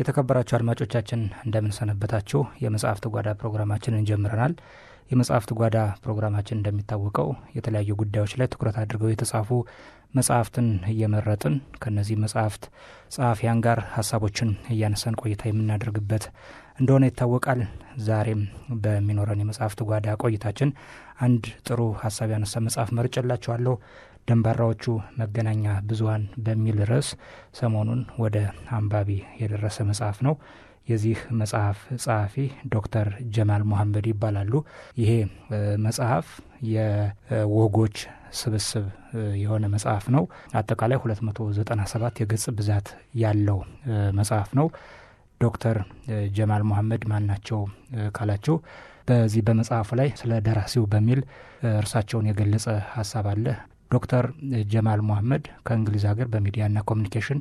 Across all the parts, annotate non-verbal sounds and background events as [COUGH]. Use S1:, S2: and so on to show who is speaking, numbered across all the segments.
S1: የተከበራቸው አድማጮቻችን እንደምንሰነበታችሁ፣ የመጽሐፍት ጓዳ ፕሮግራማችንን ጀምረናል። የመጽሐፍት ጓዳ ፕሮግራማችን እንደሚታወቀው የተለያዩ ጉዳዮች ላይ ትኩረት አድርገው የተጻፉ መጽሐፍትን እየመረጥን ከእነዚህ መጽሐፍት ጸሐፊያን ጋር ሀሳቦችን እያነሳን ቆይታ የምናደርግበት እንደሆነ ይታወቃል። ዛሬም በሚኖረን የመጽሐፍት ጓዳ ቆይታችን አንድ ጥሩ ሀሳብ ያነሳ መጽሐፍ መርጬላችኋለሁ። ደንባራዎቹ መገናኛ ብዙሀን በሚል ርዕስ ሰሞኑን ወደ አንባቢ የደረሰ መጽሐፍ ነው። የዚህ መጽሐፍ ጸሐፊ ዶክተር ጀማል ሙሐመድ ይባላሉ። ይሄ መጽሐፍ የወጎች ስብስብ የሆነ መጽሐፍ ነው። አጠቃላይ 297 የገጽ ብዛት ያለው መጽሐፍ ነው። ዶክተር ጀማል ሙሐመድ ማን ናቸው በዚህ በመጽሐፉ ላይ ስለ ደራሲው በሚል እርሳቸውን የገለጸ ሀሳብ አለ። ዶክተር ጀማል ሞሐመድ ከእንግሊዝ ሀገር በሚዲያና ኮሚኒኬሽን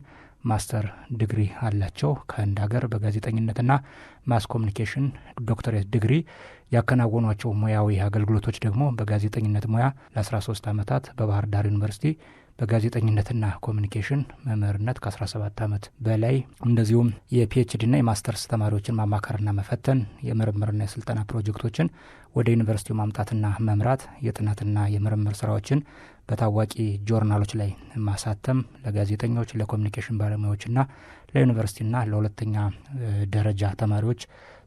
S1: ማስተር ዲግሪ አላቸው። ከህንድ ሀገር በጋዜጠኝነትና ማስ ኮሚኒኬሽን ዶክተሬት ዲግሪ ያከናወኗቸው ሙያዊ አገልግሎቶች ደግሞ በጋዜጠኝነት ሙያ ለ13 ዓመታት በባህር ዳር ዩኒቨርሲቲ በጋዜጠኝነትና ኮሚኒኬሽን መምህርነት ከ17 ዓመት በላይ እንደዚሁም የፒኤችዲና የማስተርስ ተማሪዎችን ማማከርና መፈተን፣ የምርምርና የስልጠና ፕሮጀክቶችን ወደ ዩኒቨርሲቲው ማምጣትና መምራት፣ የጥናትና የምርምር ስራዎችን በታዋቂ ጆርናሎች ላይ ማሳተም ለጋዜጠኞች፣ ለኮሚኒኬሽን ባለሙያዎችና ለዩኒቨርሲቲና ለሁለተኛ ደረጃ ተማሪዎች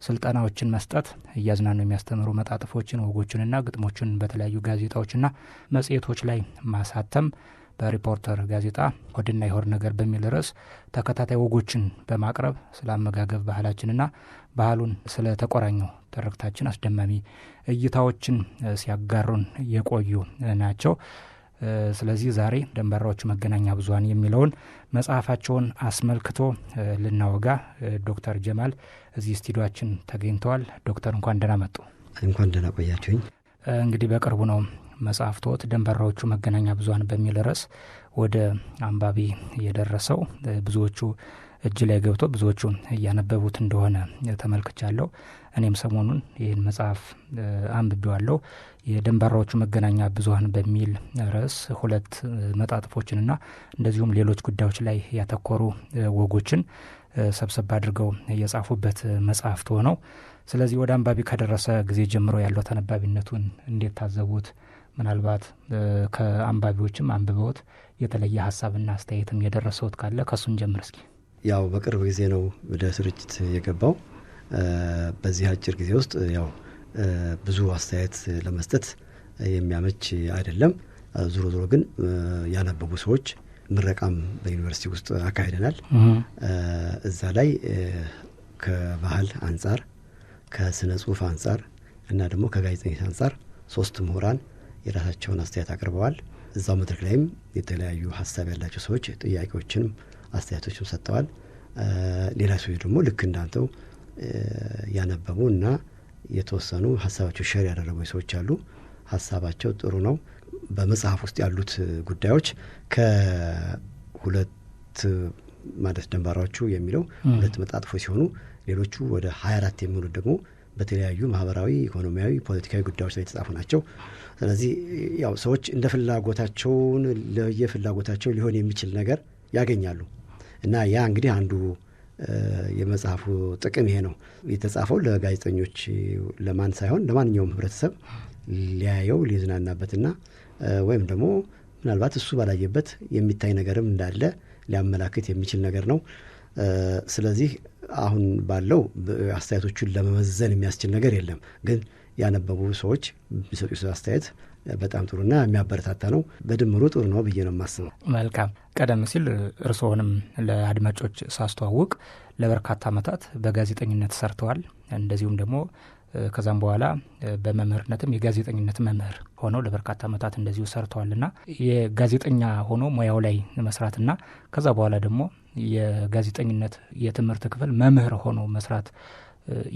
S1: ስልጠናዎችን መስጠት እያዝናኑ የሚያስተምሩ መጣጥፎችን፣ ወጎችንና ግጥሞችን በተለያዩ ጋዜጣዎችና መጽሔቶች ላይ ማሳተም በሪፖርተር ጋዜጣ ሆድና የሆድ ነገር በሚል ርዕስ ተከታታይ ወጎችን በማቅረብ ስለ አመጋገብ ባህላችንና ባህሉን ስለ ተቆራኘው ትርክታችን አስደማሚ እይታዎችን ሲያጋሩን የቆዩ ናቸው። ስለዚህ ዛሬ ደንበራዎቹ መገናኛ ብዙሀን የሚለውን መጽሐፋቸውን አስመልክቶ ልናወጋ ዶክተር ጀማል እዚህ ስቱዲዮችን ተገኝተዋል። ዶክተር እንኳን ደህና መጡ።
S2: እንኳን ደህና ቆያችሁኝ።
S1: እንግዲህ በቅርቡ ነው መጽሐፍቶት ደንበራዎቹ መገናኛ ብዙሀን በሚል ርዕስ ወደ አንባቢ የደረሰው ብዙዎቹ እጅ ላይ ገብቶ ብዙዎቹ እያነበቡት እንደሆነ ተመልክቻለሁ። እኔም ሰሞኑን ይህን መጽሐፍ አንብቤዋለሁ። የደንባራዎቹ መገናኛ ብዙሀን በሚል ርዕስ ሁለት መጣጥፎችንና እንደዚሁም ሌሎች ጉዳዮች ላይ ያተኮሩ ወጎችን ሰብሰብ አድርገው የጻፉበት መጽሐፍት ሆነው ስለዚህ ወደ አንባቢ ከደረሰ ጊዜ ጀምሮ ያለው ተነባቢነቱን እንዴት ታዘቡት? ምናልባት ከአንባቢዎችም አንብበውት የተለየ ሀሳብና አስተያየትም የደረሰውት ካለ ከሱን ጀምር እስኪ።
S2: ያው በቅርብ ጊዜ ነው ወደ ስርጭት የገባው። በዚህ አጭር ጊዜ ውስጥ ያው ብዙ አስተያየት ለመስጠት የሚያመች አይደለም። ዞሮ ዞሮ ግን ያነበቡ ሰዎች ምረቃም በዩኒቨርሲቲ ውስጥ አካሂደናል። እዛ ላይ ከባህል አንጻር ከስነ ጽሁፍ አንጻር እና ደግሞ ከጋዜጠኝነት አንጻር ሶስት ምሁራን የራሳቸውን አስተያየት አቅርበዋል። እዛው መድረክ ላይም የተለያዩ ሀሳብ ያላቸው ሰዎች ጥያቄዎችንም አስተያየቶችም ሰጥተዋል። ሌላ ሰዎች ደግሞ ልክ እንዳንተው ያነበቡ እና የተወሰኑ ሀሳባቸው ሸር ያደረጉ ሰዎች አሉ። ሀሳባቸው ጥሩ ነው። በመጽሐፍ ውስጥ ያሉት ጉዳዮች ከሁለት ማለት ደንባራዎቹ የሚለው ሁለት መጣጥፎ ሲሆኑ ሌሎቹ ወደ ሀያ አራት የሚሆኑት ደግሞ በተለያዩ ማህበራዊ፣ ኢኮኖሚያዊ፣ ፖለቲካዊ ጉዳዮች ላይ የተጻፉ ናቸው። ስለዚህ ያው ሰዎች እንደ ፍላጎታቸውን ፍላጎታቸው ሊሆን የሚችል ነገር ያገኛሉ እና ያ እንግዲህ አንዱ የመጽሐፉ ጥቅም ይሄ ነው። የተጻፈው ለጋዜጠኞች ለማን ሳይሆን ለማንኛውም ህብረተሰብ ሊያየው ሊዝናናበትና ወይም ደግሞ ምናልባት እሱ ባላየበት የሚታይ ነገርም እንዳለ ሊያመላክት የሚችል ነገር ነው። ስለዚህ አሁን ባለው አስተያየቶቹን ለመመዘን የሚያስችል ነገር የለም። ግን ያነበቡ ሰዎች ቢሰጡ አስተያየት በጣም ጥሩና የሚያበረታታ ነው። በድምሩ ጥሩ ነው ብዬ ነው የማስበው።
S1: መልካም። ቀደም ሲል እርስዎንም ለአድማጮች ሳስተዋውቅ ለበርካታ ዓመታት በጋዜጠኝነት ሰርተዋል። እንደዚሁም ደግሞ ከዛም በኋላ በመምህርነትም የጋዜጠኝነት መምህር ሆነው ለበርካታ ዓመታት እንደዚሁ ሰርተዋልና የጋዜጠኛ ሆኖ ሙያው ላይ መስራትና ከዛ በኋላ ደግሞ የጋዜጠኝነት የትምህርት ክፍል መምህር ሆኖ መስራት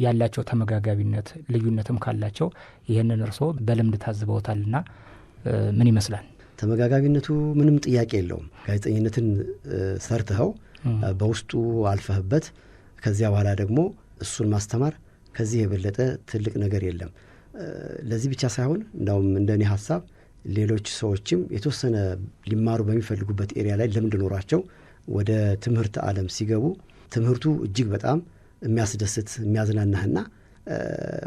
S1: ያላቸው ተመጋጋቢነት ልዩነትም ካላቸው ይህንን እርስዎ በልምድ ታዝበውታልና ምን ይመስላል?
S2: ተመጋጋቢነቱ ምንም ጥያቄ የለውም። ጋዜጠኝነትን ሰርትኸው በውስጡ አልፈህበት ከዚያ በኋላ ደግሞ እሱን ማስተማር ከዚህ የበለጠ ትልቅ ነገር የለም። ለዚህ ብቻ ሳይሆን እንዳውም እኔ ሀሳብ ሌሎች ሰዎችም የተወሰነ ሊማሩ በሚፈልጉበት ኤሪያ ላይ ልምድ ኖሯቸው ወደ ትምህርት ዓለም ሲገቡ ትምህርቱ እጅግ በጣም የሚያስደስት የሚያዝናናህና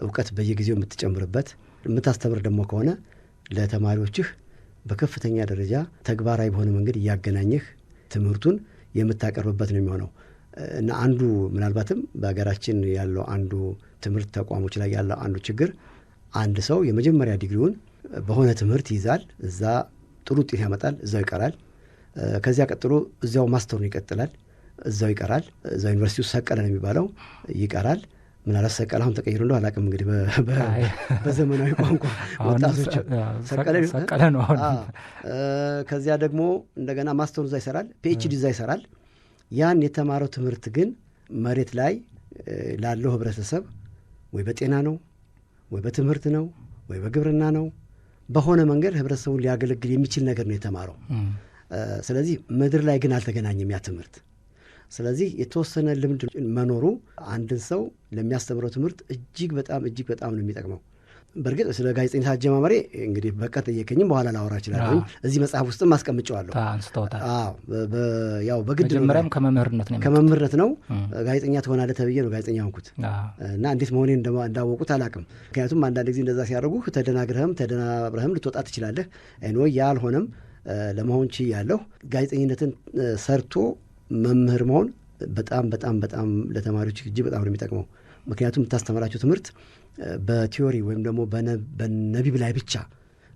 S2: እውቀት በየጊዜው የምትጨምርበት የምታስተምር ደግሞ ከሆነ ለተማሪዎችህ በከፍተኛ ደረጃ ተግባራዊ በሆነ መንገድ እያገናኘህ ትምህርቱን የምታቀርብበት ነው የሚሆነው እና አንዱ ምናልባትም በሀገራችን ያለው አንዱ ትምህርት ተቋሞች ላይ ያለው አንዱ ችግር አንድ ሰው የመጀመሪያ ዲግሪውን በሆነ ትምህርት ይይዛል፣ እዛ ጥሩ ውጤት ያመጣል፣ እዛው ይቀራል። ከዚያ ቀጥሎ እዚያው ማስተሩን ይቀጥላል። እዛው ይቀራል። እዛው ዩኒቨርሲቲ ውስጥ ሰቀለ ነው የሚባለው ይቀራል። ምናልባት ሰቀለ አሁን ተቀይሮ እንደው አላውቅም። እንግዲህ በዘመናዊ ቋንቋ
S1: ወጣቶች ሰቀለ ነው።
S2: ከዚያ ደግሞ እንደገና ማስተሩ እዛ ይሰራል፣ ፒኤችዲ እዛ ይሰራል። ያን የተማረው ትምህርት ግን መሬት ላይ ላለው ህብረተሰብ ወይ በጤና ነው ወይ በትምህርት ነው ወይ በግብርና ነው በሆነ መንገድ ህብረተሰቡን ሊያገለግል የሚችል ነገር ነው የተማረው። ስለዚህ ምድር ላይ ግን አልተገናኘም ያ ትምህርት ስለዚህ የተወሰነ ልምድ መኖሩ አንድን ሰው ለሚያስተምረው ትምህርት እጅግ በጣም እጅግ በጣም ነው የሚጠቅመው። በእርግጥ ስለ ጋዜጠኝነት አጀማመሬ እንግዲህ በቃ ጠየቀኝም በኋላ ላወራ እችላለሁ። እዚህ መጽሐፍ ውስጥም አስቀምጨዋለሁ። ያው በግድ ከመምህርነት ነው ጋዜጠኛ ትሆናለህ ተብዬ ነው ጋዜጠኛ ሆንኩት እና እንዴት መሆኔ እንዳወቁት አላቅም። ምክንያቱም አንዳንድ ጊዜ እንደዛ ሲያደርጉ ተደናግረህም ተደናብረህም ልትወጣ ትችላለህ። አይኖ ያ አልሆነም። ለመሆን ችያለሁ። ጋዜጠኝነትን ሰርቶ መምህር መሆን በጣም በጣም በጣም ለተማሪዎች እጅግ በጣም ነው የሚጠቅመው። ምክንያቱም የምታስተምራቸው ትምህርት በቲዮሪ ወይም ደግሞ በነቢብ ላይ ብቻ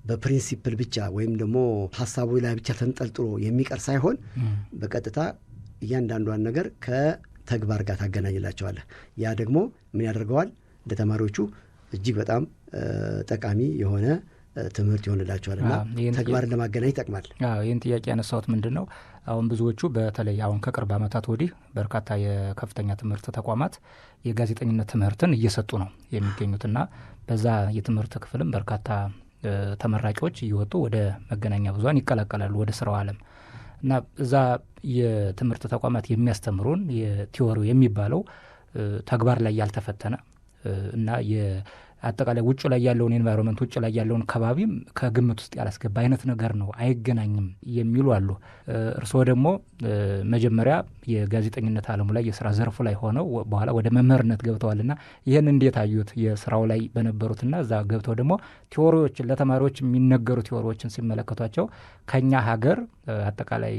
S2: በፕሪንሲፕል ብቻ ወይም ደግሞ ሀሳቡ ላይ ብቻ ተንጠልጥሎ የሚቀር ሳይሆን በቀጥታ እያንዳንዷን ነገር ከተግባር ጋር ታገናኝላቸዋለህ። ያ ደግሞ ምን ያደርገዋል ለተማሪዎቹ እጅግ በጣም ጠቃሚ የሆነ ትምህርት ይሆንላቸዋል እና ተግባርን ለማገናኝ ይጠቅማል።
S1: ይህን ጥያቄ ያነሳሁት ምንድን ነው አሁን ብዙዎቹ በተለይ አሁን ከቅርብ ዓመታት ወዲህ በርካታ የከፍተኛ ትምህርት ተቋማት የጋዜጠኝነት ትምህርትን እየሰጡ ነው የሚገኙትና በዛ የትምህርት ክፍልም በርካታ ተመራቂዎች እየወጡ ወደ መገናኛ ብዙን ይቀላቀላሉ ወደ ስራው አለም እና እዛ የትምህርት ተቋማት የሚያስተምሩን የቲዎሪ የሚባለው ተግባር ላይ ያልተፈተነ እና አጠቃላይ ውጭ ላይ ያለውን ኤንቫይሮንመንት ውጭ ላይ ያለውን ከባቢ ከግምት ውስጥ ያላስገባ አይነት ነገር ነው፣ አይገናኝም የሚሉ አሉ። እርስዎ ደግሞ መጀመሪያ የጋዜጠኝነት ዓለሙ ላይ የስራ ዘርፉ ላይ ሆነው በኋላ ወደ መምህርነት ገብተዋልና ይህን እንዴት አዩት? የስራው ላይ በነበሩትና እዛ ገብተው ደግሞ ቴዎሪዎችን ለተማሪዎች የሚነገሩ ቲዎሪዎችን ሲመለከቷቸው ከኛ ሀገር አጠቃላይ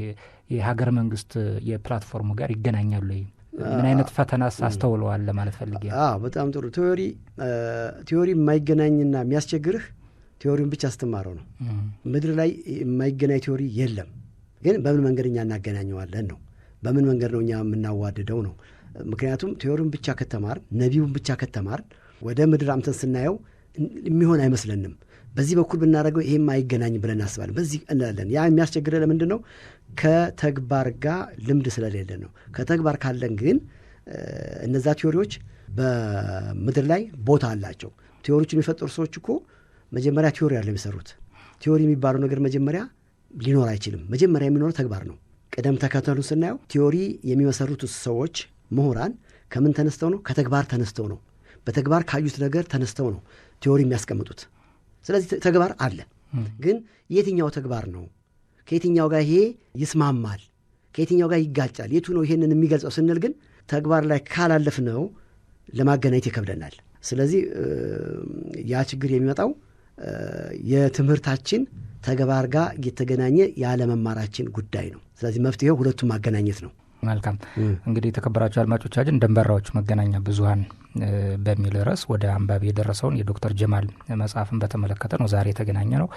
S1: የሀገር መንግስት የፕላትፎርሙ ጋር ይገናኛሉ ወይም ምን አይነት ፈተና አስተውለዋል ለማለት ፈልጌ
S2: በጣም ጥሩ ቴዎሪ ቴዎሪ የማይገናኝና የሚያስቸግርህ ቴዎሪውን ብቻ አስተማረው ነው። ምድር ላይ የማይገናኝ ቴዎሪ የለም። ግን በምን መንገድ እኛ እናገናኘዋለን ነው፣ በምን መንገድ ነው እኛ የምናዋድደው ነው። ምክንያቱም ቴዎሪውን ብቻ ከተማር ነቢዩን ብቻ ከተማር ወደ ምድር አምተን ስናየው የሚሆን አይመስለንም። በዚህ በኩል ብናደረገው ይሄም አይገናኝ ብለን እናስባለን። በዚህ እንላለን። ያ የሚያስቸግረ ለምንድን ነው? ከተግባር ጋር ልምድ ስለሌለ ነው። ከተግባር ካለን ግን እነዛ ቲዎሪዎች በምድር ላይ ቦታ አላቸው። ቲዎሪዎችን የሚፈጠሩ ሰዎች እኮ መጀመሪያ ቲዎሪ ያለ የሚሰሩት ቲዎሪ የሚባለው ነገር መጀመሪያ ሊኖር አይችልም። መጀመሪያ የሚኖረው ተግባር ነው። ቅደም ተከተሉ ስናየው ቲዎሪ የሚመሰሩት ሰዎች ምሁራን ከምን ተነስተው ነው? ከተግባር ተነስተው ነው። በተግባር ካዩት ነገር ተነስተው ነው ቲዎሪ የሚያስቀምጡት። ስለዚህ ተግባር አለ። ግን የትኛው ተግባር ነው ከየትኛው ጋር ይሄ ይስማማል፣ ከየትኛው ጋር ይጋጫል፣ የቱ ነው ይሄንን የሚገልጸው ስንል ግን ተግባር ላይ ካላለፍ ነው ለማገናኘት ይከብደናል። ስለዚህ ያ ችግር የሚመጣው የትምህርታችን ተግባር ጋር እየተገናኘ ያለመማራችን ጉዳይ ነው። ስለዚህ መፍትሄው ሁለቱም ማገናኘት ነው።
S1: መልካም እንግዲህ የተከበራቸው አድማጮቻችን ደንበራዎች መገናኛ ብዙሀን በሚል ርዕስ ወደ አንባቢ የደረሰውን የዶክተር ጀማል መጽሐፍን በተመለከተ ነው ዛሬ የተገናኘ ነው።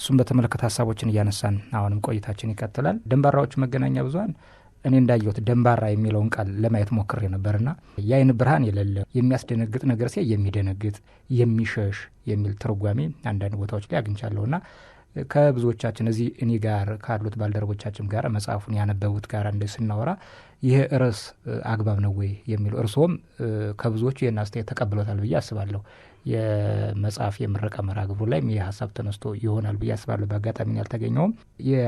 S1: እሱም በተመለከተ ሀሳቦችን እያነሳን አሁንም ቆይታችን ይቀጥላል። ደንባራዎች መገናኛ ብዙሀን እኔ እንዳየሁት ደንባራ የሚለውን ቃል ለማየት ሞክሬ ነበርና የአይን ብርሃን የሌለ የሚያስደነግጥ ነገር ሲያይ የሚደነግጥ የሚሸሽ የሚል ትርጓሜ አንዳንድ ቦታዎች ላይ ና ከብዙዎቻችን እዚህ እኔ ጋር ካሉት ባልደረቦቻችን ጋር መጽሐፉን ያነበቡት ጋር እንደ ስናወራ ይህ ርዕስ አግባብ ነው ወይ የሚለው እርስዎም ከብዙዎቹ ይህን አስተያየት ተቀብሎታል ብዬ አስባለሁ። የመጽሐፍ የምረቃ መርሃ ግብሩ ላይም ይህ ሀሳብ ተነስቶ ይሆናል ብዬ አስባለሁ። በአጋጣሚ ያልተገኘውም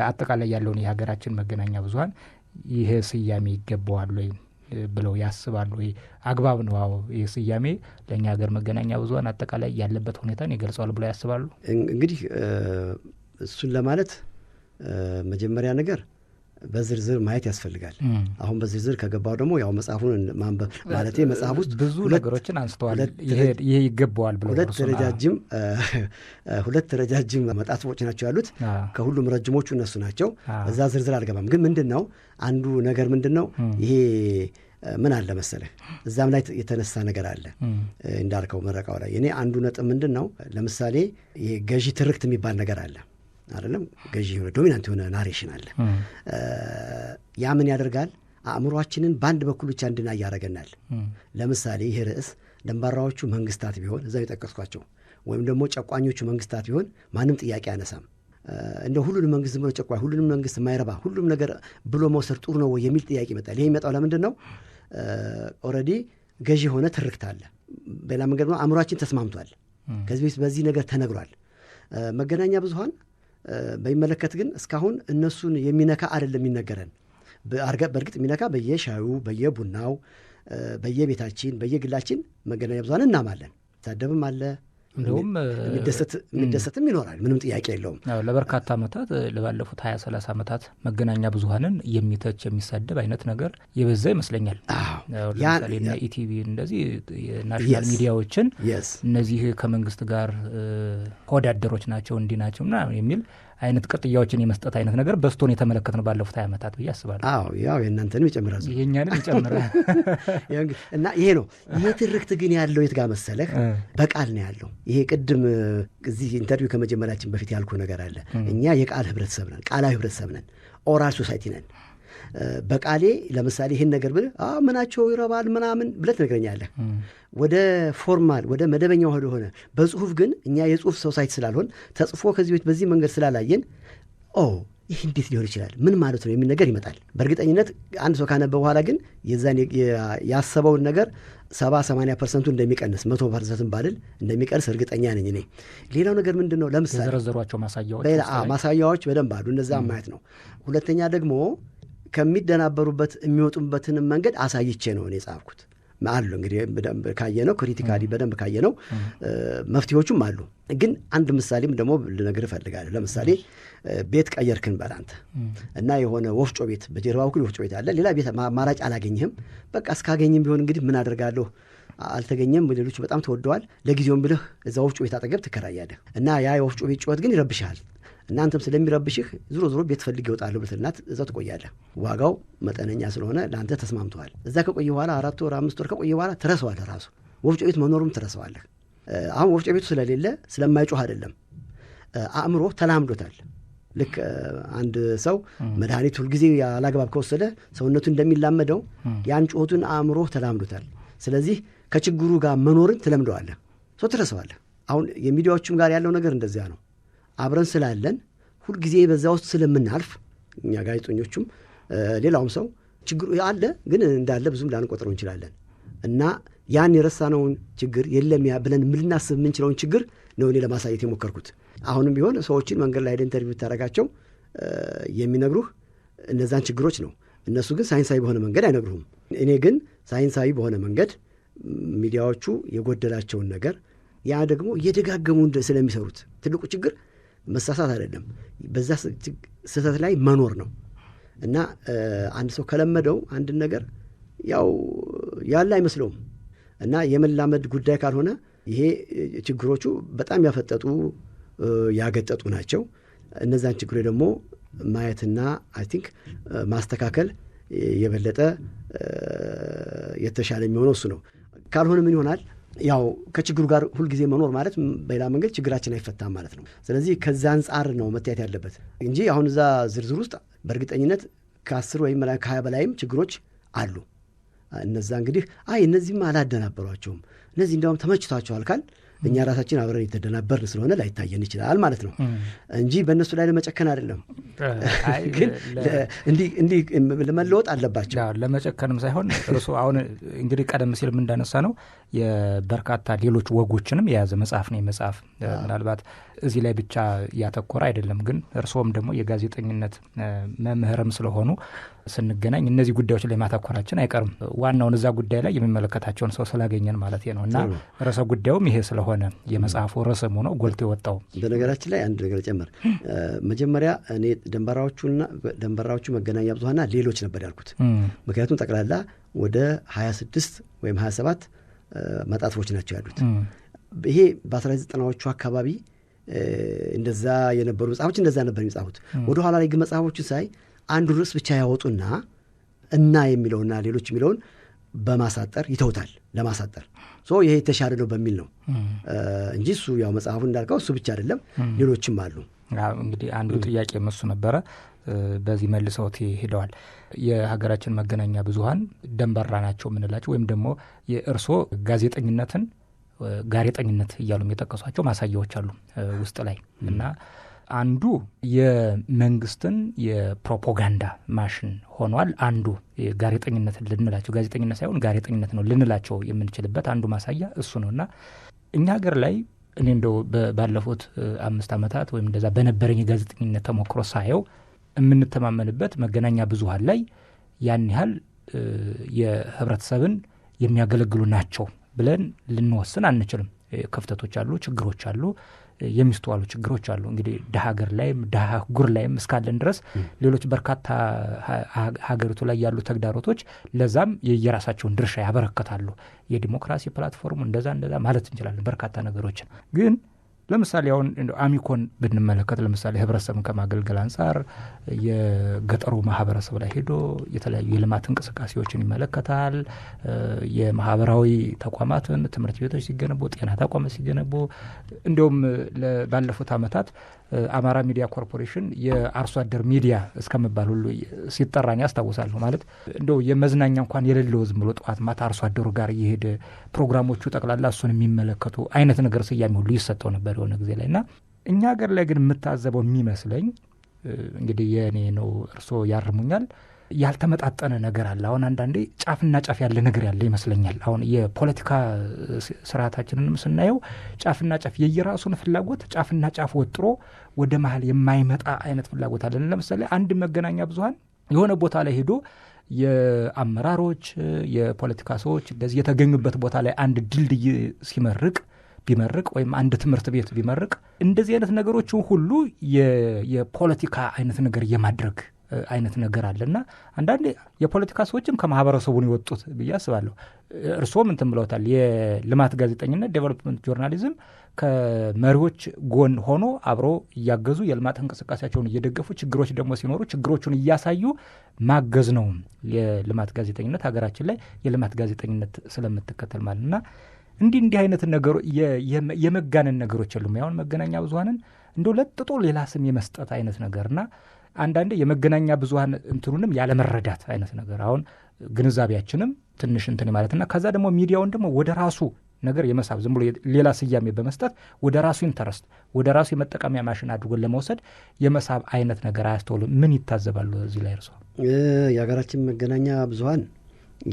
S1: አጠቃላይ ያለውን የሀገራችን መገናኛ ብዙኃን ይህ ስያሜ ይገባዋል ወይም ብለው ያስባሉ ወይ? አግባብ ነው? ይህ ስያሜ ለእኛ ሀገር መገናኛ ብዙሀን አጠቃላይ ያለበት ሁኔታን ይገልጸዋል ብለው ያስባሉ?
S2: እንግዲህ እሱን ለማለት መጀመሪያ ነገር በዝርዝር ማየት ያስፈልጋል። አሁን በዝርዝር ከገባው ደግሞ ያው መጽሐፉን ማንበብ ማለት መጽሐፍ ውስጥ
S1: ብዙ ነገሮችን አንስተዋል። ይሄ ይገባዋል ብሎ
S2: ሁለት ረጃጅም [LAUGHS] ሁለት ረጃጅም መጣጥፎች ናቸው ያሉት። ከሁሉም ረጅሞቹ እነሱ ናቸው። እዛ ዝርዝር አልገባም። ግን ምንድን ነው አንዱ ነገር ምንድን ነው ይሄ ምን አለ መሰለህ እዛም ላይ የተነሳ ነገር አለ እንዳልከው ምረቃው ላይ እኔ አንዱ ነጥብ ምንድን ነው ለምሳሌ ገዢ ትርክት የሚባል ነገር አለ አይደለም ገዢ የሆነ ዶሚናንት የሆነ ናሬሽን አለ። ያ ምን ያደርጋል? አእምሯችንን በአንድ በኩል ብቻ እንድናይ ያደረገናል። ለምሳሌ ይህ ርዕስ ደንባራዎቹ መንግስታት ቢሆን እዛው የጠቀስኳቸው ወይም ደግሞ ጨቋኞቹ መንግስታት ቢሆን ማንም ጥያቄ አያነሳም። እንደ ሁሉንም መንግስት ብሎ ጨቋኝ፣ ሁሉንም መንግስት የማይረባ ሁሉም ነገር ብሎ መውሰድ ጥሩ ነው ወይ የሚል ጥያቄ ይመጣል። ይህ የሚመጣው ለምንድን ነው? ኦልሬዲ ገዢ የሆነ ትርክት አለ። በሌላ መንገድ አእምሯችን ተስማምቷል። ከዚህ በፊት በዚህ ነገር ተነግሯል። መገናኛ ብዙሀን በሚመለከት ግን እስካሁን እነሱን የሚነካ አይደለም የሚነገረን። በእርግጥ የሚነካ በየሻዩ፣ በየቡናው፣ በየቤታችን፣ በየግላችን መገናኛ ብዙሃን እናማለን። ታደብም አለ እንዲሁም የሚደሰትም ይኖራል። ምንም ጥያቄ የለውም።
S1: ለበርካታ ዓመታት ለባለፉት ሀያ ሰላሳ ዓመታት መገናኛ ብዙሀንን የሚተች የሚሳደብ አይነት ነገር የበዛ ይመስለኛል። ለምሳሌ ኢቲቪ እንደዚህ የናሽናል ሚዲያዎችን እነዚህ ከመንግስት ጋር ወዳደሮች ናቸው እንዲህ ናቸው ምናምን የሚል አይነት ቅጥያዎችን የመስጠት አይነት ነገር በስቶን የተመለከት ነው ባለፉት ሀያ ዓመታት ብዬ አስባለሁ።
S2: አዎ ያው የእናንተንም ይጨምራል
S1: ይሄኛንም ይጨምራል
S2: [LAUGHS] እና ይሄ ነው። ይሄ ትርክት ግን ያለው የት ጋር መሰለህ? በቃል ነው ያለው። ይሄ ቅድም እዚህ ኢንተርቪው ከመጀመሪያችን በፊት ያልኩ ነገር አለ። እኛ የቃል ህብረተሰብ ነን፣ ቃላዊ ህብረተሰብ ነን፣ ኦራል ሶሳይቲ ነን። በቃሌ ለምሳሌ ይህን ነገር ብል ምናቸው ይረባል ምናምን ብለት ትነግረኛለህ። ወደ ፎርማል ወደ መደበኛ ሆነ በጽሁፍ ግን እኛ የጽሁፍ ሳይት ስላልሆን ተጽፎ ከዚህ ቤት በዚህ መንገድ ስላላየን ኦ ይህ እንዴት ሊሆን ይችላል? ምን ማለት ነው የሚል ነገር ይመጣል። በእርግጠኝነት አንድ ሰው ካነበ በኋላ ግን የዛን ያሰበውን ነገር ሰባ ሰማንያ ፐርሰንቱ እንደሚቀንስ መቶ ፐርሰንትን ባልል እንደሚቀንስ እርግጠኛ ነኝ እኔ። ሌላው ነገር ምንድን ነው? ለምሳሌ ማሳያዎች ማሳያዎች በደንብ አሉ። እነዛ ማየት ነው። ሁለተኛ ደግሞ ከሚደናበሩበት የሚወጡበትንም መንገድ አሳይቼ ነው እኔ የጻፍኩት አሉ እንግዲህ በደንብ ካየነው ክሪቲካሊ በደንብ ነው መፍትሄዎቹም አሉ። ግን አንድ ምሳሌም ደግሞ ልነግር እፈልጋለሁ። ለምሳሌ ቤት ቀየርክን በላንተ እና የሆነ ወፍጮ ቤት በጀርባ በኩል ወፍጮ ቤት አለ። ሌላ ቤት አማራጭ አላገኘህም። በቃ እስካገኝም ቢሆን እንግዲህ ምን አደርጋለሁ አልተገኘም፣ ሌሎች በጣም ተወደዋል። ለጊዜውም ብለህ እዛ ወፍጮ ቤት አጠገብ ትከራያለህ እና ያ የወፍጮ ቤት ጩኸት ግን ይረብሻል። እናንተም ስለሚረብሽህ ዞሮ ዞሮ ቤት ፈልግ ይወጣለሁ እዛው ትቆያለህ። ዋጋው መጠነኛ ስለሆነ ለአንተ ተስማምተዋል። እዛ ከቆየ በኋላ አራት ወር አምስት ወር ከቆየ በኋላ ትረሰዋለ ራሱ ወፍጮ ቤት መኖሩም ትረሰዋለህ። አሁን ወፍጮ ቤቱ ስለሌለ ስለማይጮህ አይደለም፣ አእምሮ ተላምዶታል። ልክ አንድ ሰው መድኃኒት ሁልጊዜ ያላግባብ ከወሰደ ሰውነቱ እንደሚላመደው ያን ጩኸቱን አእምሮ ተላምዶታል። ስለዚህ ከችግሩ ጋር መኖርን ትለምደዋለህ፣ ሰው ትረሳዋለህ። አሁን የሚዲያዎቹም ጋር ያለው ነገር እንደዚያ ነው። አብረን ስላለን ሁልጊዜ በዛ ውስጥ ስለምናልፍ እኛ ጋዜጠኞቹም ሌላውም ሰው ችግሩ አለ፣ ግን እንዳለ ብዙም ላንቆጥረው እንችላለን እና ያን የረሳነውን ችግር የለም ብለን ምልናስብ የምንችለውን ችግር ነው እኔ ለማሳየት የሞከርኩት። አሁንም ቢሆን ሰዎችን መንገድ ላይ ሄደህ ኢንተርቪው ብታደርጋቸው የሚነግሩህ እነዛን ችግሮች ነው። እነሱ ግን ሳይንሳዊ በሆነ መንገድ አይነግሩህም። እኔ ግን ሳይንሳዊ በሆነ መንገድ ሚዲያዎቹ የጎደላቸውን ነገር ያ ደግሞ እየደጋገሙ ስለሚሰሩት ትልቁ ችግር መሳሳት አይደለም፣ በዛ ስህተት ላይ መኖር ነው እና አንድ ሰው ከለመደው አንድን ነገር ያው ያለ አይመስለውም እና የመላመድ ጉዳይ ካልሆነ ይሄ ችግሮቹ በጣም ያፈጠጡ ያገጠጡ ናቸው። እነዛን ችግሮች ደግሞ ማየትና አይ ቲንክ ማስተካከል የበለጠ የተሻለ የሚሆነው እሱ ነው። ካልሆነ ምን ይሆናል? ያው ከችግሩ ጋር ሁልጊዜ መኖር ማለት በሌላ መንገድ ችግራችን አይፈታም ማለት ነው። ስለዚህ ከዛ አንጻር ነው መታየት ያለበት እንጂ አሁን እዛ ዝርዝር ውስጥ በእርግጠኝነት ከአስር ወይም ከሀያ በላይም ችግሮች አሉ። እነዛ እንግዲህ አይ እነዚህም አላደናበሯቸውም እነዚህ እንዲያውም ተመችቷቸዋል ካል እኛ ራሳችን አብረን የተደናበርን ስለሆነ ላይታየን ይችላል ማለት ነው እንጂ በእነሱ ላይ ለመጨከን አይደለም። [LAUGHS] ግን እንዲህ ለመለወጥ አለባቸው።
S1: ለመጨከንም ሳይሆን እርሱ አሁን እንግዲህ ቀደም ሲል እንዳነሳ ነው የበርካታ ሌሎች ወጎችንም የያዘ መጽሐፍ ነው። መጽሐፍ ምናልባት እዚህ ላይ ብቻ ያተኮረ አይደለም። ግን እርስዎም ደግሞ የጋዜጠኝነት መምህርም ስለሆኑ ስንገናኝ እነዚህ ጉዳዮች ላይ ማተኮራችን አይቀርም። ዋናውን እዛ ጉዳይ ላይ የሚመለከታቸውን ሰው ስላገኘን ማለት ነው እና ርዕሰ ጉዳዩም ይሄ ስለሆነ ሆነ የመጽሐፉ ርዕስም ሆኖ ጎልቶ የወጣው።
S2: በነገራችን ላይ አንድ ነገር ጨምር። መጀመሪያ እኔ ደንበራዎቹና ደንበራዎቹ መገናኛ ብዙኃንና ሌሎች ነበር ያልኩት። ምክንያቱም ጠቅላላ ወደ 26 ወይም 27 መጣጥፎች ናቸው ያሉት። ይሄ በ1990ዎቹ አካባቢ እንደዛ የነበሩ መጽሐፎች እንደዛ ነበር የሚጻፉት። ወደ ኋላ ላይ ግን መጽሐፎቹን ሳይ አንዱ ርዕስ ብቻ ያወጡና እና የሚለውና ሌሎች የሚለውን በማሳጠር ይተውታል። ለማሳጠር ሶ ይሄ የተሻለ ነው በሚል ነው እንጂ እሱ ያው መጽሐፉ እንዳልከው እሱ ብቻ አይደለም፣ ሌሎችም አሉ።
S1: እንግዲህ አንዱ ጥያቄ መሱ ነበረ። በዚህ መልሰውት ሄደዋል። የሀገራችን መገናኛ ብዙሀን ደንበራ ናቸው የምንላቸው ወይም ደግሞ የእርሶ ጋዜጠኝነትን ጋሬጠኝነት እያሉ የጠቀሷቸው ማሳያዎች አሉ ውስጥ ላይ እና አንዱ የመንግስትን የፕሮፓጋንዳ ማሽን ሆኗል። አንዱ ጋዜጠኝነት ልንላቸው ጋዜጠኝነት ሳይሆን ጋዜጠኝነት ነው ልንላቸው የምንችልበት አንዱ ማሳያ እሱ ነውና እኛ ሀገር ላይ እኔ እንደው ባለፉት አምስት ዓመታት ወይም እንደዛ በነበረኝ የጋዜጠኝነት ተሞክሮ ሳየው የምንተማመንበት መገናኛ ብዙሀን ላይ ያን ያህል የህብረተሰብን የሚያገለግሉ ናቸው ብለን ልንወስን አንችልም። ክፍተቶች አሉ፣ ችግሮች አሉ። የሚስተዋሉ ችግሮች አሉ። እንግዲህ ድሀ ሀገር ላይም ድሀ ጉር ላይም እስካለን ድረስ ሌሎች በርካታ ሀገሪቱ ላይ ያሉ ተግዳሮቶች ለዛም የየራሳቸውን ድርሻ ያበረከታሉ። የዲሞክራሲ ፕላትፎርሙ እንደዛ እንደዛ ማለት እንችላለን በርካታ ነገሮችን ግን ለምሳሌ አሁን አሚኮን ብንመለከት ለምሳሌ ህብረተሰብን ከማገልገል አንጻር የገጠሩ ማህበረሰብ ላይ ሄዶ የተለያዩ የልማት እንቅስቃሴዎችን ይመለከታል። የማህበራዊ ተቋማትን፣ ትምህርት ቤቶች ሲገነቡ፣ ጤና ተቋማት ሲገነቡ እንዲሁም ባለፉት አመታት.። አማራ ሚዲያ ኮርፖሬሽን የአርሶ አደር ሚዲያ እስከምባል ሁሉ ሲጠራን ያስታውሳለሁ። ማለት እንደው የመዝናኛ እንኳን የሌለው ዝም ብሎ ጠዋት ማታ አርሶ አደሩ ጋር እየሄደ ፕሮግራሞቹ ጠቅላላ እሱን የሚመለከቱ አይነት ነገር ስያሜ ሁሉ ይሰጠው ነበር የሆነ ጊዜ ላይ እና እኛ ሀገር ላይ ግን የምታዘበው የሚመስለኝ እንግዲህ የእኔ ነው፣ እርስዎ ያርሙኛል ያልተመጣጠነ ነገር አለ። አሁን አንዳንዴ ጫፍና ጫፍ ያለ ነገር ያለ ይመስለኛል። አሁን የፖለቲካ ስርዓታችንንም ስናየው ጫፍና ጫፍ የየራሱን ፍላጎት ጫፍና ጫፍ ወጥሮ ወደ መሀል የማይመጣ አይነት ፍላጎት አለን። ለምሳሌ አንድ መገናኛ ብዙሀን የሆነ ቦታ ላይ ሄዶ የአመራሮች የፖለቲካ ሰዎች እንደዚህ የተገኙበት ቦታ ላይ አንድ ድልድይ ሲመርቅ ቢመርቅ ወይም አንድ ትምህርት ቤት ቢመርቅ እንደዚህ አይነት ነገሮች ሁሉ የፖለቲካ አይነት ነገር የማድረግ አይነት ነገር አለ እና አንዳንዴ የፖለቲካ ሰዎችም ከማህበረሰቡ ይወጡት የወጡት ብዬ አስባለሁ። እርስዎም እንትን ብለውታል። የልማት ጋዜጠኝነት ዴቨሎፕመንት ጆርናሊዝም ከመሪዎች ጎን ሆኖ አብሮ እያገዙ የልማት እንቅስቃሴያቸውን እየደገፉ ችግሮች ደግሞ ሲኖሩ ችግሮቹን እያሳዩ ማገዝ ነው የልማት ጋዜጠኝነት። ሀገራችን ላይ የልማት ጋዜጠኝነት ስለምትከተል ማለት እና እንዲህ እንዲህ አይነት ነገሮ የመጋነን ነገሮች የሉም። ያሁን መገናኛ ብዙሀንን እንደ ለጥጦ ሌላ ስም የመስጠት አይነት ነገርና አንዳንዴ የመገናኛ ብዙሀን እንትኑንም ያለመረዳት አይነት ነገር አሁን ግንዛቤያችንም ትንሽ እንትን ማለትና ከዛ ደግሞ ሚዲያውን ደግሞ ወደ ራሱ ነገር የመሳብ ዝም ብሎ ሌላ ስያሜ በመስጠት ወደ ራሱ ኢንተረስት ወደ ራሱ የመጠቀሚያ ማሽን አድርጎን ለመውሰድ የመሳብ አይነት ነገር አያስተውሉ ምን ይታዘባሉ? እዚህ ላይ እርሶ
S2: የሀገራችን መገናኛ ብዙሀን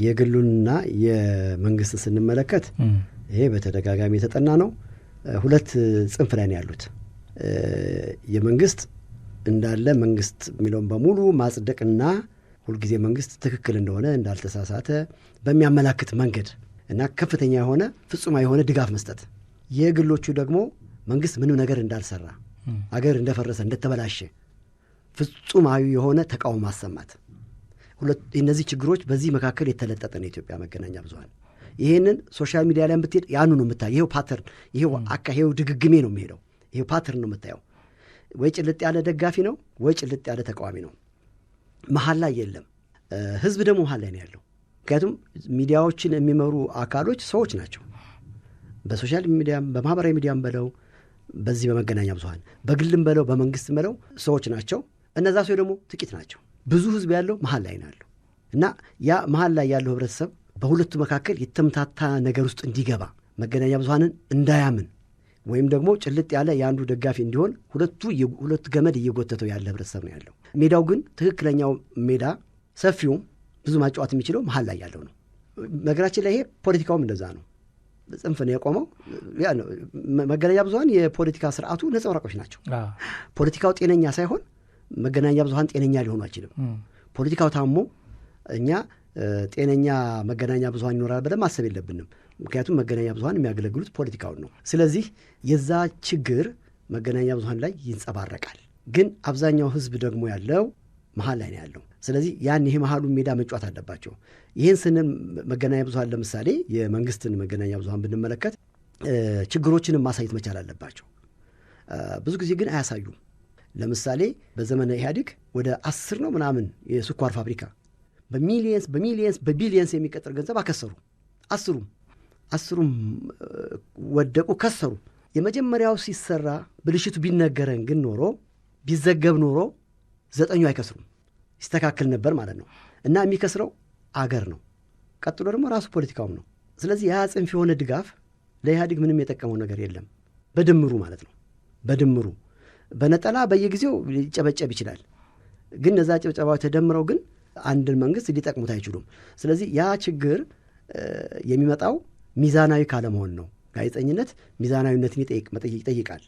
S2: የግሉንና የመንግስት ስንመለከት ይሄ በተደጋጋሚ የተጠና ነው። ሁለት ጽንፍ ላይ ነው ያሉት። የመንግስት እንዳለ መንግስት የሚለውን በሙሉ ማጽደቅና ሁልጊዜ መንግስት ትክክል እንደሆነ እንዳልተሳሳተ በሚያመላክት መንገድ እና ከፍተኛ የሆነ ፍጹማ የሆነ ድጋፍ መስጠት፣ የግሎቹ ደግሞ መንግስት ምንም ነገር እንዳልሰራ፣ አገር እንደፈረሰ፣ እንደተበላሸ ፍጹማዊ የሆነ ተቃውሞ ማሰማት። እነዚህ ችግሮች በዚህ መካከል የተለጠጠ ነው የኢትዮጵያ መገናኛ ብዙኃን። ይህንን ሶሻል ሚዲያ ላይ ብትሄድ ያኑ ነው የምታየው። ይሄው ፓተርን፣ ይሄው አካ፣ ይሄው ድግግሜ ነው የሚሄደው። ይሄው ፓተርን ነው የምታየው። ወይ ጭልጥ ያለ ደጋፊ ነው ወይ ጭልጥ ያለ ተቃዋሚ ነው። መሀል ላይ የለም። ህዝብ ደግሞ መሀል ላይ ነው ያለው። ምክንያቱም ሚዲያዎችን የሚመሩ አካሎች ሰዎች ናቸው። በሶሻል ሚዲያም በማህበራዊ ሚዲያም በለው በዚህ በመገናኛ ብዙሀን በግልም በለው በመንግስትም በለው ሰዎች ናቸው። እነዛ ሰው ደግሞ ጥቂት ናቸው። ብዙ ህዝብ ያለው መሀል ላይ ነው ያለው እና ያ መሀል ላይ ያለው ህብረተሰብ በሁለቱ መካከል የተምታታ ነገር ውስጥ እንዲገባ መገናኛ ብዙሀንን እንዳያምን ወይም ደግሞ ጭልጥ ያለ የአንዱ ደጋፊ እንዲሆን ሁለቱ ሁለት ገመድ እየጎተተው ያለ ህብረተሰብ ነው ያለው። ሜዳው ግን ትክክለኛው ሜዳ ሰፊውም ብዙ ማጫወት የሚችለው መሀል ላይ ያለው ነው። ነገራችን ላይ ይሄ ፖለቲካውም እንደዛ ነው። ጽንፍ ነው የቆመው። መገናኛ ብዙሀን የፖለቲካ ስርዓቱ ነጸብራቆች ናቸው። ፖለቲካው ጤነኛ ሳይሆን መገናኛ ብዙሀን ጤነኛ ሊሆኑ አይችልም። ፖለቲካው ታሞ እኛ ጤነኛ መገናኛ ብዙሀን ይኖራል ብለን ማሰብ የለብንም። ምክንያቱም መገናኛ ብዙሀን የሚያገለግሉት ፖለቲካውን ነው። ስለዚህ የዛ ችግር መገናኛ ብዙሀን ላይ ይንጸባረቃል። ግን አብዛኛው ህዝብ ደግሞ ያለው መሀል ላይ ነው ያለው። ስለዚህ ያን ይሄ መሀሉን ሜዳ መጫወት አለባቸው። ይህን ስንል መገናኛ ብዙሀን ለምሳሌ የመንግስትን መገናኛ ብዙሀን ብንመለከት ችግሮችንም ማሳየት መቻል አለባቸው። ብዙ ጊዜ ግን አያሳዩም። ለምሳሌ በዘመነ ኢህአዴግ ወደ አስር ነው ምናምን የስኳር ፋብሪካ በሚሊየንስ በሚሊየንስ በቢሊየንስ የሚቀጥር ገንዘብ አከሰሩ አስሩም አስሩም ወደቁ፣ ከሰሩ። የመጀመሪያው ሲሰራ ብልሽቱ ቢነገረን ግን ኖሮ ቢዘገብ ኖሮ ዘጠኙ አይከስሩም፣ ይስተካከል ነበር ማለት ነው። እና የሚከስረው አገር ነው። ቀጥሎ ደግሞ ራሱ ፖለቲካውም ነው። ስለዚህ ያ ጽንፍ የሆነ ድጋፍ ለኢህአዴግ ምንም የጠቀመው ነገር የለም፣ በድምሩ ማለት ነው። በድምሩ በነጠላ በየጊዜው ሊጨበጨብ ይችላል፣ ግን እነዛ ጭብጨባዎች ተደምረው ግን አንድን መንግስት ሊጠቅሙት አይችሉም። ስለዚህ ያ ችግር የሚመጣው ሚዛናዊ ካለመሆን ነው። ጋዜጠኝነት ሚዛናዊነትን ይጠይቃል።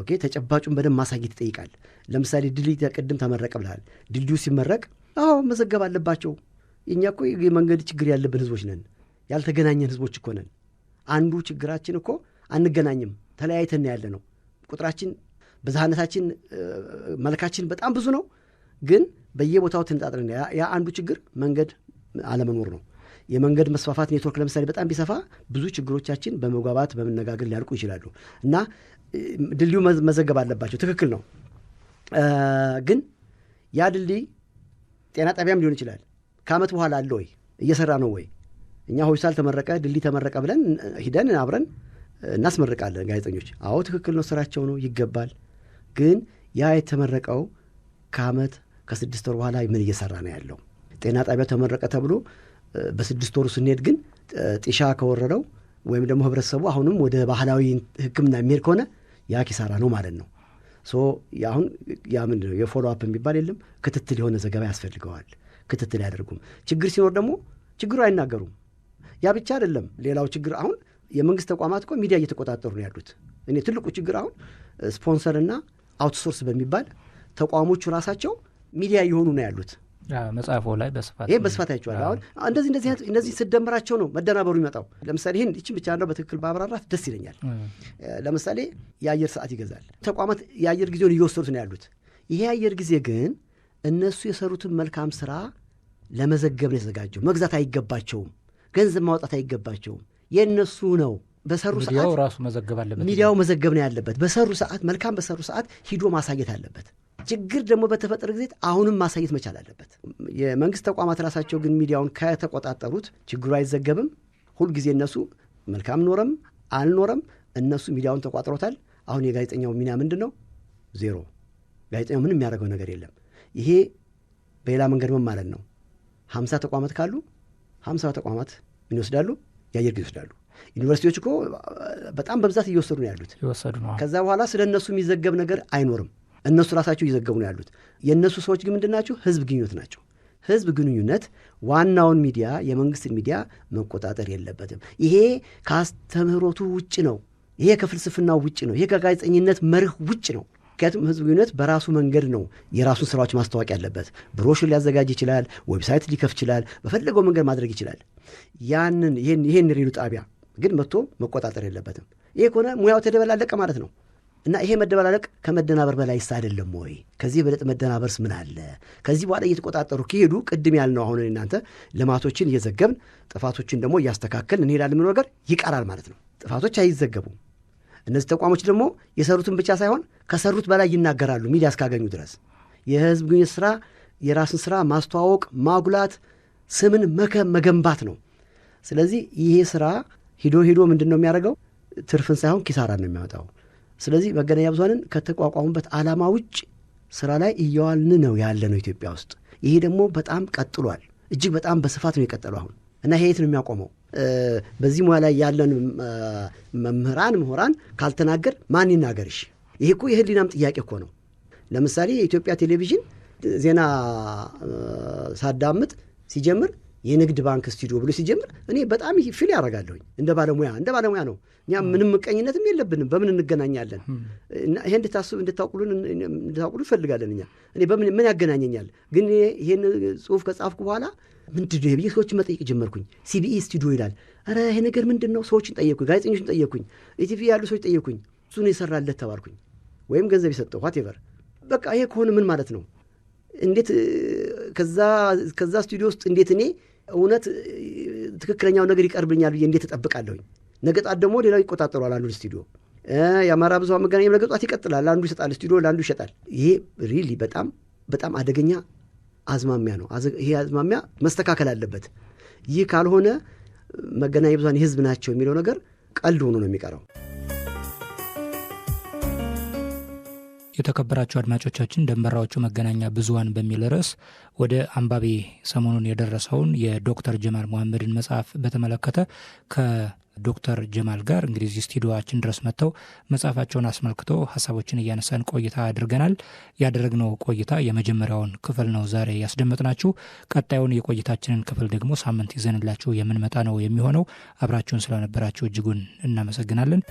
S2: ኦኬ ተጨባጩን በደንብ ማሳየት ይጠይቃል። ለምሳሌ ድልድይ ቅድም ተመረቀ ብልሃል። ድልድዩ ሲመረቅ አዎ መዘገብ አለባቸው። እኛ እኮ የመንገድ ችግር ያለብን ህዝቦች ነን። ያልተገናኘን ህዝቦች እኮ ነን። አንዱ ችግራችን እኮ አንገናኝም፣ ተለያይተን ያለ ነው። ቁጥራችን፣ ብዝሃነታችን፣ መልካችን በጣም ብዙ ነው። ግን በየቦታው ትንጣጥረን ያ አንዱ ችግር መንገድ አለመኖር ነው። የመንገድ መስፋፋት ኔትወርክ ለምሳሌ በጣም ቢሰፋ ብዙ ችግሮቻችን በመግባባት በመነጋገር ሊያልቁ ይችላሉ እና ድልድዩ መዘገብ አለባቸው። ትክክል ነው። ግን ያ ድልድይ ጤና ጣቢያም ሊሆን ይችላል። ከአመት በኋላ አለ ወይ? እየሰራ ነው ወይ? እኛ ሆይሳል ተመረቀ፣ ድልድይ ተመረቀ ብለን ሂደን አብረን እናስመርቃለን ጋዜጠኞች። አዎ ትክክል ነው፣ ስራቸው ነው፣ ይገባል። ግን ያ የተመረቀው ከአመት ከስድስት ወር በኋላ ምን እየሰራ ነው ያለው? ጤና ጣቢያው ተመረቀ ተብሎ በስድስት ወሩ ስንሄድ ግን ጢሻ ከወረደው ወይም ደግሞ ህብረተሰቡ አሁንም ወደ ባህላዊ ህክምና የሚሄድ ከሆነ ያ ኪሳራ ነው ማለት ነው። ሶ አሁን ያ ምንድን ነው የፎሎ አፕ የሚባል የለም። ክትትል የሆነ ዘገባ ያስፈልገዋል። ክትትል አያደርጉም። ችግር ሲኖር ደግሞ ችግሩ አይናገሩም። ያ ብቻ አይደለም። ሌላው ችግር አሁን የመንግስት ተቋማት እኮ ሚዲያ እየተቆጣጠሩ ነው ያሉት። እኔ ትልቁ ችግር አሁን ስፖንሰርና አውትሶርስ በሚባል ተቋሞቹ ራሳቸው ሚዲያ እየሆኑ ነው ያሉት።
S1: መጽሐፎ ላይ በስፋት
S2: ይህ በስፋት አይቼዋለሁ። አሁን እንደዚህ እንደዚህ እነዚህ ስደምራቸው ነው መደናበሩ የሚመጣው። ለምሳሌ ይህን ይችን ብቻ ነው በትክክል ማብራራት ደስ ይለኛል። ለምሳሌ የአየር ሰዓት ይገዛል። ተቋማት የአየር ጊዜውን እየወሰዱት ነው ያሉት። ይሄ የአየር ጊዜ ግን እነሱ የሰሩትን መልካም ስራ ለመዘገብ ነው የተዘጋጀው። መግዛት አይገባቸውም፣ ገንዘብ ማውጣት አይገባቸውም። የእነሱ ነው በሰሩ
S1: ሰዓት ራሱ መዘገብ አለበት።
S2: ሚዲያው መዘገብ ነው ያለበት። በሰሩ ሰዓት መልካም በሰሩ ሰዓት ሂዶ ማሳየት አለበት። ችግር ደግሞ በተፈጠረ ጊዜ አሁንም ማሳየት መቻል አለበት። የመንግስት ተቋማት ራሳቸው ግን ሚዲያውን ከተቆጣጠሩት ችግሩ አይዘገብም። ሁልጊዜ እነሱ መልካም ኖረም አልኖረም እነሱ ሚዲያውን ተቋጥሮታል። አሁን የጋዜጠኛው ሚና ምንድን ነው? ዜሮ። ጋዜጠኛው ምንም የሚያደርገው ነገር የለም። ይሄ በሌላ መንገድ ምን ማለት ነው? ሀምሳ ተቋማት ካሉ ሀምሳ ተቋማት ምን ይወስዳሉ? የአየር ጊዜ ይወስዳሉ። ዩኒቨርሲቲዎች እኮ በጣም በብዛት እየወሰዱ ነው ያሉት። ከዛ በኋላ ስለ እነሱ የሚዘገብ ነገር አይኖርም። እነሱ ራሳቸው እየዘገቡ ነው ያሉት። የእነሱ ሰዎች ግን ምንድን ናቸው? ህዝብ ግንኙነት ናቸው። ህዝብ ግንኙነት ዋናውን ሚዲያ የመንግስትን ሚዲያ መቆጣጠር የለበትም። ይሄ ከአስተምህሮቱ ውጭ ነው። ይሄ ከፍልስፍናው ውጭ ነው። ይሄ ከጋዜጠኝነት መርህ ውጭ ነው። ምክንያቱም ህዝብ ግንኙነት በራሱ መንገድ ነው የራሱን ስራዎች ማስታወቅ ያለበት። ብሮሹር ሊያዘጋጅ ይችላል፣ ዌብሳይት ሊከፍ ይችላል፣ በፈለገው መንገድ ማድረግ ይችላል። ያንን ይሄን ሬዲዮ ጣቢያ ግን መጥቶ መቆጣጠር የለበትም። ይሄ ከሆነ ሙያው ተደበላለቀ ማለት ነው። እና ይሄ መደበላለቅ ከመደናበር በላይስ አይደለም ወይ? ከዚህ በለጥ መደናበርስ ምን አለ? ከዚህ በኋላ እየተቆጣጠሩ ከሄዱ ቅድም ያልነው አሁን እናንተ ልማቶችን እየዘገብን ጥፋቶችን ደግሞ እያስተካከል እንሄዳለን የሚለው ነገር ይቀራል ማለት ነው። ጥፋቶች አይዘገቡም። እነዚህ ተቋሞች ደግሞ የሰሩትን ብቻ ሳይሆን ከሰሩት በላይ ይናገራሉ፣ ሚዲያ እስካገኙ ድረስ። የህዝብ ግንኙነት ስራ የራስን ስራ ማስተዋወቅ፣ ማጉላት፣ ስምን መከ መገንባት ነው። ስለዚህ ይሄ ስራ ሂዶ ሂዶ ምንድን ነው የሚያደርገው? ትርፍን ሳይሆን ኪሳራ ነው የሚያወጣው? ስለዚህ መገናኛ ብዙሀንን ከተቋቋሙበት ዓላማ ውጭ ስራ ላይ እየዋልን ነው ያለ ነው ኢትዮጵያ ውስጥ። ይሄ ደግሞ በጣም ቀጥሏል። እጅግ በጣም በስፋት ነው የቀጠለው አሁን እና ይሄ የት ነው የሚያቆመው? በዚህ ሙያ ላይ ያለን መምህራን፣ ምሁራን ካልተናገር ማን ይናገርሽ? ይሄ እኮ የህሊናም ጥያቄ እኮ ነው። ለምሳሌ የኢትዮጵያ ቴሌቪዥን ዜና ሳዳምጥ ሲጀምር የንግድ ባንክ ስቱዲዮ ብሎ ሲጀምር እኔ በጣም ፊል ያደርጋለሁኝ። እንደ ባለሙያ እንደ ባለሙያ ነው። እኛ ምንም ምቀኝነትም የለብንም። በምን እንገናኛለን? ይሄ እንድታስብ እንድታውቁሉ ይፈልጋለን። እኛ እኔ በምን ምን ያገናኘኛል? ግን ይሄን ጽሁፍ ከጻፍኩ በኋላ ምንድን ነው ብዬ ሰዎችን መጠየቅ ጀመርኩኝ። ሲቢኢ ስቱዲዮ ይላል። ኧረ ይሄ ነገር ምንድን ነው? ሰዎችን ጠየቅኩኝ፣ ጋዜጠኞችን ጠየቅኩኝ፣ ኢቲቪ ያሉ ሰዎች ጠየቅኩኝ። እሱን የሰራለት ተባልኩኝ፣ ወይም ገንዘብ የሰጠው ዋቴቨር። በቃ ይሄ ከሆነ ምን ማለት ነው? እንዴት ከዛ ስቱዲዮ ውስጥ እንዴት እኔ እውነት ትክክለኛው ነገር ይቀርብኛል ብዬ እንዴት እጠብቃለሁኝ? ነገ ጧት ደግሞ ሌላው ይቆጣጠሯል አንዱን ስቱዲዮ። የአማራ ብዙሃን መገናኛ ነገ ጧት ይቀጥላል። ለአንዱ ይሰጣል ስቱዲዮ፣ ለአንዱ ይሸጣል። ይሄ ሪሊ በጣም በጣም አደገኛ አዝማሚያ ነው። ይሄ አዝማሚያ መስተካከል አለበት። ይህ ካልሆነ መገናኛ ብዙኃን የህዝብ ናቸው የሚለው ነገር ቀልድ ሆኖ ነው የሚቀረው።
S1: የተከበራቸው አድማጮቻችን ደንበራዎቹ መገናኛ ብዙኃን በሚል ርዕስ ወደ አንባቢ ሰሞኑን የደረሰውን የዶክተር ጀማል መሐመድን መጽሐፍ በተመለከተ ከዶክተር ጀማል ጋር እንግዲህ እዚህ ስቱዲዮችን ድረስ መጥተው መጽሐፋቸውን አስመልክቶ ሀሳቦችን እያነሳን ቆይታ አድርገናል። ያደረግነው ቆይታ የመጀመሪያውን ክፍል ነው ዛሬ ያስደመጥናችሁ። ቀጣዩን የቆይታችንን ክፍል ደግሞ ሳምንት ይዘንላችሁ የምንመጣ ነው የሚሆነው። አብራችሁን ስለነበራችሁ እጅጉን እናመሰግናለን።